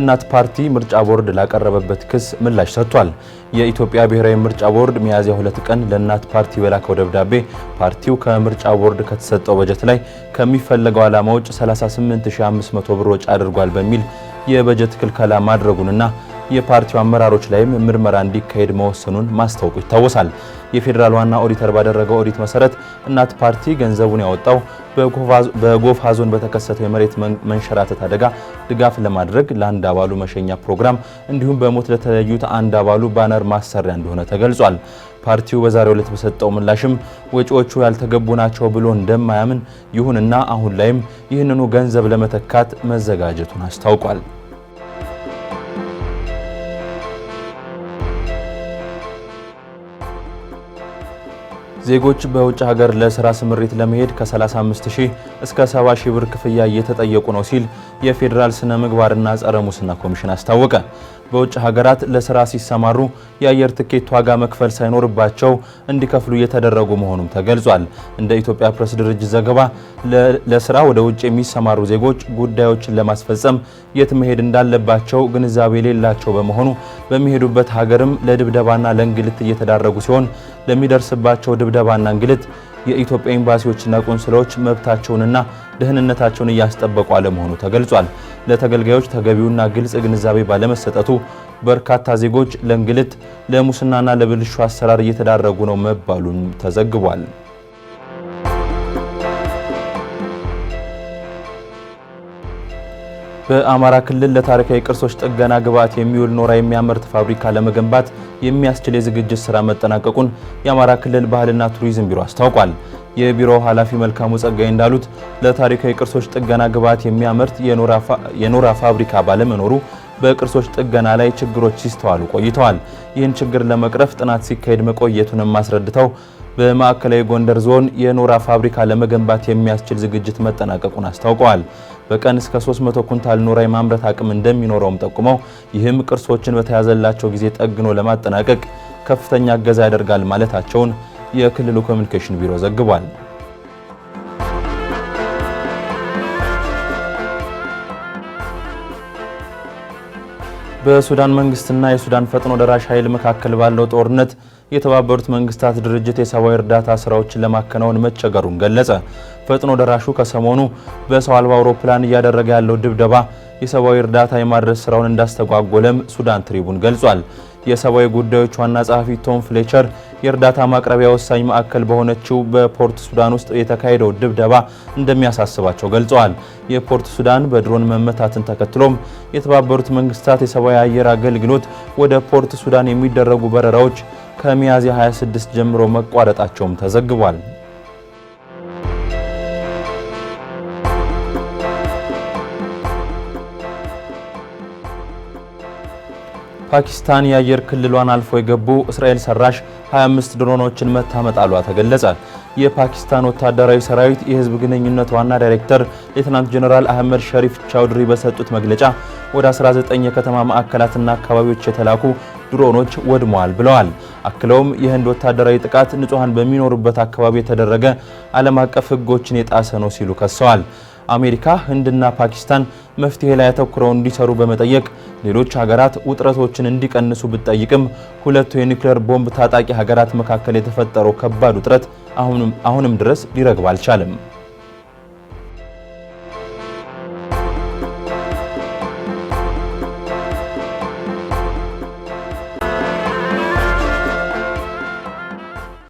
እናት ፓርቲ ምርጫ ቦርድ ላቀረበበት ክስ ምላሽ ሰጥቷል። የኢትዮጵያ ብሔራዊ ምርጫ ቦርድ ሚያዝያ ሁለት ቀን ለእናት ፓርቲ በላከው ደብዳቤ ፓርቲው ከምርጫ ቦርድ ከተሰጠው በጀት ላይ ከሚፈለገው ዓላማ ውጭ 38500 ብር ወጪ አድርጓል በሚል የበጀት ክልከላ ማድረጉንና የፓርቲው አመራሮች ላይም ምርመራ እንዲካሄድ መወሰኑን ማስታወቁ ይታወሳል። የፌዴራል ዋና ኦዲተር ባደረገው ኦዲት መሰረት እናት ፓርቲ ገንዘቡን ያወጣው በጎፋ ዞን በተከሰተው የመሬት መንሸራተት አደጋ ድጋፍ ለማድረግ ለአንድ አባሉ መሸኛ ፕሮግራም እንዲሁም በሞት ለተለዩት አንድ አባሉ ባነር ማሰሪያ እንደሆነ ተገልጿል። ፓርቲው በዛሬው ዕለት በሰጠው ምላሽም ወጪዎቹ ያልተገቡ ናቸው ብሎ እንደማያምን፣ ይሁንና አሁን ላይም ይህንኑ ገንዘብ ለመተካት መዘጋጀቱን አስታውቋል። ዜጎች በውጭ ሀገር ለስራ ስምሪት ለመሄድ ከ35 ሺህ እስከ 70 ሺህ ብር ክፍያ እየተጠየቁ ነው ሲል የፌዴራል ስነ ምግባርና ጸረ ሙስና ኮሚሽን አስታወቀ። በውጭ ሀገራት ለስራ ሲሰማሩ የአየር ትኬት ዋጋ መክፈል ሳይኖርባቸው እንዲከፍሉ እየተደረጉ መሆኑም ተገልጿል። እንደ ኢትዮጵያ ፕሬስ ድርጅት ዘገባ ለስራ ወደ ውጭ የሚሰማሩ ዜጎች ጉዳዮችን ለማስፈጸም የት መሄድ እንዳለባቸው ግንዛቤ የሌላቸው በመሆኑ በሚሄዱበት ሀገርም ለድብደባና ለእንግልት እየተዳረጉ ሲሆን ለሚደርስባቸው ድብደባና እንግልት የኢትዮጵያ ኤምባሲዎችና ቆንስላዎች መብታቸውንና ደህንነታቸውን እያስጠበቁ አለመሆኑ ተገልጿል። ለተገልጋዮች ተገቢውና ግልጽ ግንዛቤ ባለመሰጠቱ በርካታ ዜጎች ለእንግልት፣ ለሙስናና ለብልሹ አሰራር እየተዳረጉ ነው መባሉን ተዘግቧል። በአማራ ክልል ለታሪካዊ ቅርሶች ጥገና ግብዓት የሚውል ኖራ የሚያመርት ፋብሪካ ለመገንባት የሚያስችል የዝግጅት ስራ መጠናቀቁን የአማራ ክልል ባህልና ቱሪዝም ቢሮ አስታውቋል። የቢሮ ኃላፊ መልካሙ ጸጋይ እንዳሉት ለታሪካዊ ቅርሶች ጥገና ግብዓት የሚያመርት የኖራ ፋብሪካ ባለመኖሩ በቅርሶች ጥገና ላይ ችግሮች ሲስተዋሉ ቆይተዋል። ይህን ችግር ለመቅረፍ ጥናት ሲካሄድ መቆየቱንም አስረድተው በማዕከላዊ ጎንደር ዞን የኖራ ፋብሪካ ለመገንባት የሚያስችል ዝግጅት መጠናቀቁን አስታውቀዋል። በቀን እስከ 300 ኩንታል ኖራ የማምረት አቅም እንደሚኖረውም ጠቁመው ይህም ቅርሶችን በተያዘላቸው ጊዜ ጠግኖ ለማጠናቀቅ ከፍተኛ እገዛ ያደርጋል ማለታቸውን የክልሉ ኮሚኒኬሽን ቢሮ ዘግቧል። በሱዳን መንግስትና የሱዳን ፈጥኖ ደራሽ ኃይል መካከል ባለው ጦርነት የተባበሩት መንግስታት ድርጅት የሰብአዊ እርዳታ ስራዎችን ለማከናወን መቸገሩን ገለጸ። ፈጥኖ ደራሹ ከሰሞኑ በሰው አልባ አውሮፕላን እያደረገ ያለው ድብደባ የሰብአዊ እርዳታ የማድረስ ስራውን እንዳስተጓጎለም ሱዳን ትሪቡን ገልጿል። የሰብአዊ ጉዳዮች ዋና ጸሐፊ ቶም ፍሌቸር የእርዳታ ማቅረቢያ ወሳኝ ማዕከል በሆነችው በፖርት ሱዳን ውስጥ የተካሄደው ድብደባ እንደሚያሳስባቸው ገልጸዋል። የፖርት ሱዳን በድሮን መመታትን ተከትሎም የተባበሩት መንግስታት የሰብአዊ አየር አገልግሎት ወደ ፖርት ሱዳን የሚደረጉ በረራዎች ከሚያዝያ 26 ጀምሮ መቋረጣቸውም ተዘግቧል። ፓኪስታን የአየር ክልሏን አልፎ የገቡ እስራኤል ሰራሽ 25 ድሮኖችን መታመጣሏ ተገለጸ። የፓኪስታን ወታደራዊ ሰራዊት የህዝብ ግንኙነት ዋና ዳይሬክተር ሌትናንት ጀኔራል አህመድ ሸሪፍ ቻውድሪ በሰጡት መግለጫ ወደ 19 የከተማ ማዕከላትና አካባቢዎች የተላኩ ድሮኖች ወድመዋል ብለዋል። አክለውም የህንድ ወታደራዊ ጥቃት ንጹሐን በሚኖሩበት አካባቢ የተደረገ ዓለም አቀፍ ህጎችን የጣሰ ነው ሲሉ ከሰዋል። አሜሪካ፣ ህንድና ፓኪስታን መፍትሄ ላይ አተኩረው እንዲሰሩ በመጠየቅ ሌሎች ሀገራት ውጥረቶችን እንዲቀንሱ ብትጠይቅም ሁለቱ የኒውክሌር ቦምብ ታጣቂ ሀገራት መካከል የተፈጠረው ከባድ ውጥረት አሁንም ድረስ ሊረግብ አልቻለም።